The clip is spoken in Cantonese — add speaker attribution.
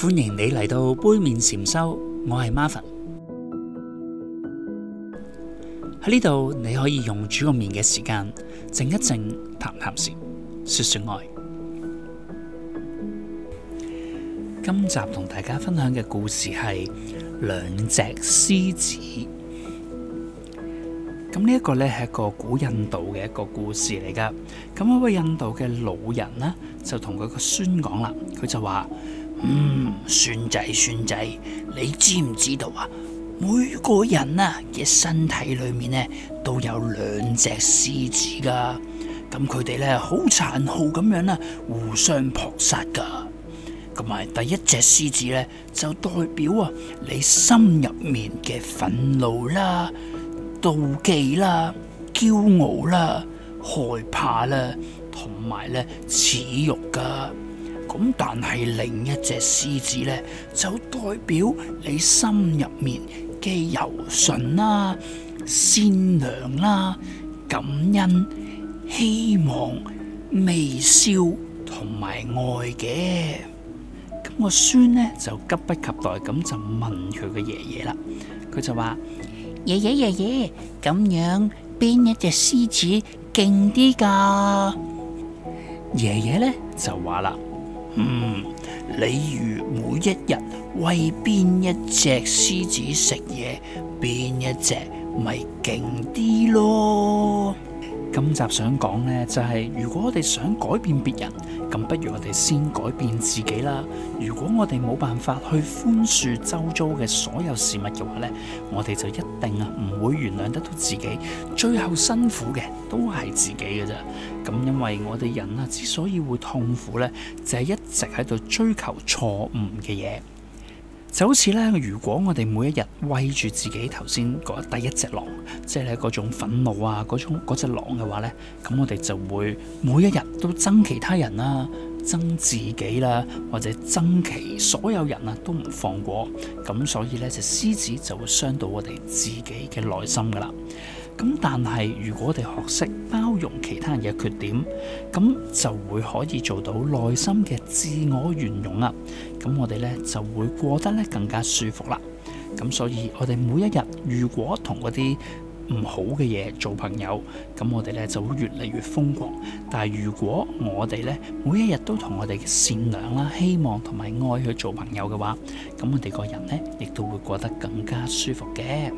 Speaker 1: 歡迎你嚟到杯麵禪修，我係 Marvin 喺呢度，你可以用煮個麵嘅時間靜一靜，談談事，說說愛。今集同大家分享嘅故事係兩隻獅子。咁呢一個呢係一個古印度嘅一個故事嚟㗎。咁一位印度嘅老人呢，就同佢個孫講啦，佢就話。嗯，孫仔孫仔，你知唔知道啊？每個人啊嘅身體裏面咧都有兩隻獅子噶，咁佢哋咧好殘酷咁樣啊，互相撲殺噶。咁啊，第一隻獅子咧就代表啊你心入面嘅憤怒啦、妒忌啦、驕傲啦、害怕啦，同埋咧恥辱噶。咁，但係另一隻獅子呢，就代表你心入面嘅柔順啦、善良啦、感恩、希望、微笑同埋愛嘅。咁我孫呢就急不及待咁就問佢個爺爺啦，佢就話：爺爺爺爺，咁樣邊一隻獅子勁啲噶？爺爺呢就話啦。嗯，例如每一日餵邊一隻獅子食嘢，邊一隻咪勁啲咯。今集想講呢，就係如果我哋想改變別人，咁不如我哋先改變自己啦。如果我哋冇辦法去寬恕周遭嘅所有事物嘅話呢，我哋就一定啊唔會原諒得到自己，最後辛苦嘅都係自己嘅啫。咁因為我哋人啊之所以會痛苦呢，就係一直喺度追求錯誤嘅嘢。就好似咧，如果我哋每一日餵住自己頭先第一隻狼，即係咧嗰種憤怒啊，嗰種隻狼嘅話咧，咁我哋就會每一日都憎其他人啦、啊，憎自己啦、啊，或者憎其所有人啊都唔放過，咁所以咧隻獅子就會傷到我哋自己嘅內心噶啦。咁但係如果我哋學識包容其他人嘅缺點，咁就會可以做到內心嘅自我圓融啦。咁我哋呢就會過得呢更加舒服啦。咁所以我哋每一日如果同嗰啲唔好嘅嘢做朋友，咁我哋呢就會越嚟越瘋狂。但係如果我哋呢每一日都同我哋嘅善良啦、希望同埋愛去做朋友嘅話，咁我哋個人呢亦都會過得更加舒服嘅。